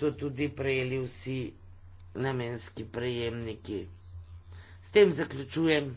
to tudi prejeli vsi namenski prejemniki. S tem zaključujem.